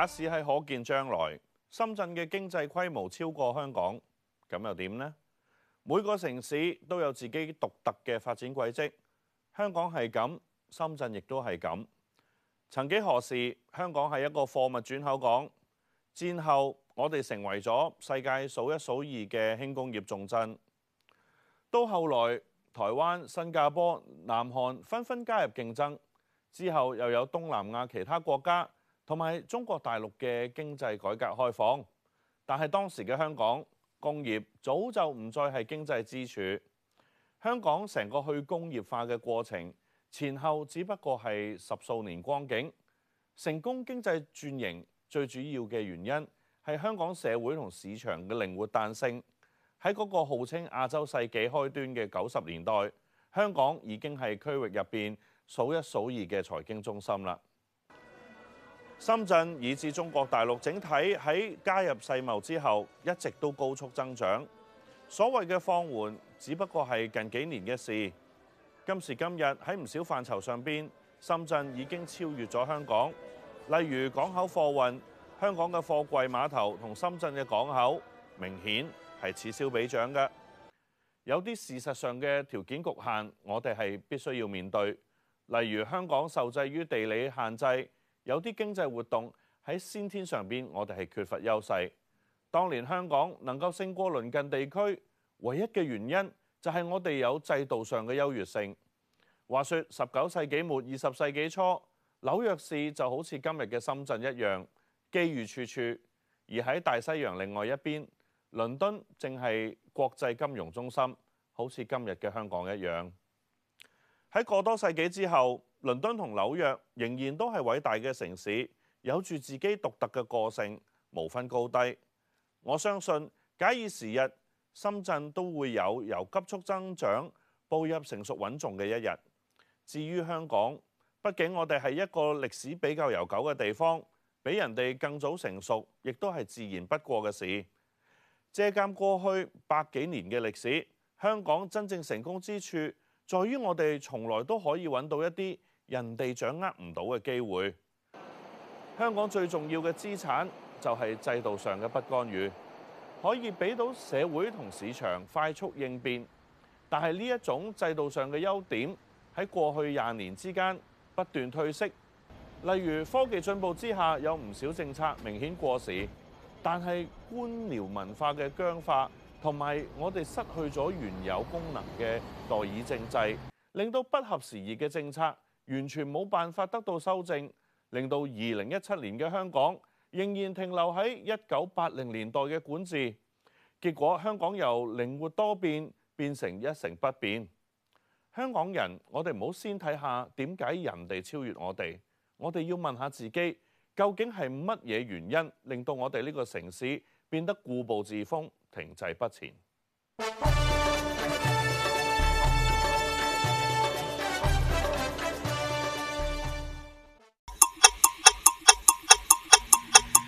假使係可見將來深圳嘅經濟規模超過香港，咁又點呢？每個城市都有自己獨特嘅發展軌跡。香港係咁，深圳亦都係咁。曾幾何時，香港係一個貨物轉口港。戰後，我哋成為咗世界數一數二嘅輕工業重鎮。到後來，台灣、新加坡、南韓紛紛加入競爭，之後又有東南亞其他國家。同埋中國大陸嘅經濟改革開放，但係當時嘅香港工業早就唔再係經濟支柱。香港成個去工業化嘅過程，前後只不過係十數年光景。成功經濟轉型最主要嘅原因係香港社會同市場嘅靈活彈性。喺嗰個號稱亞洲世紀開端嘅九十年代，香港已經係區域入邊數一數二嘅財經中心啦。深圳以至中國大陸整體喺加入世貿之後一直都高速增長，所謂嘅放緩只不過係近幾年嘅事。今時今日喺唔少範疇上邊，深圳已經超越咗香港。例如港口貨運，香港嘅貨櫃碼頭同深圳嘅港口，明顯係此消彼長嘅。有啲事實上嘅條件局限，我哋係必須要面對，例如香港受制於地理限制。有啲經濟活動喺先天上面，我哋係缺乏優勢。當年香港能夠勝過鄰近地區，唯一嘅原因就係我哋有制度上嘅優越性。話說十九世紀末二十世紀初，紐約市就好似今日嘅深圳一樣，機遇處處；而喺大西洋另外一邊，倫敦正係國際金融中心，好似今日嘅香港一樣。喺過多世紀之後，倫敦同紐約仍然都係偉大嘅城市，有住自己獨特嘅個性，無分高低。我相信，假以時日，深圳都會有由急速增長步入成熟穩重嘅一日。至於香港，畢竟我哋係一個歷史比較悠久嘅地方，比人哋更早成熟，亦都係自然不過嘅事。借鑑過去百幾年嘅歷史，香港真正成功之處，在於我哋從來都可以揾到一啲人哋掌握唔到嘅機會，香港最重要嘅資產就係制度上嘅不干預，可以俾到社會同市場快速應變。但係呢一種制度上嘅優點喺過去廿年之間不斷退色。例如科技進步之下，有唔少政策明顯過時，但係官僚文化嘅僵化，同埋我哋失去咗原有功能嘅代議政制，令到不合時宜嘅政策。完全冇辦法得到修正，令到二零一七年嘅香港仍然停留喺一九八零年代嘅管治。結果香港由靈活多變變成一成不變。香港人，我哋唔好先睇下點解人哋超越我哋，我哋要問下自己，究竟係乜嘢原因令到我哋呢個城市變得固步自封、停滯不前？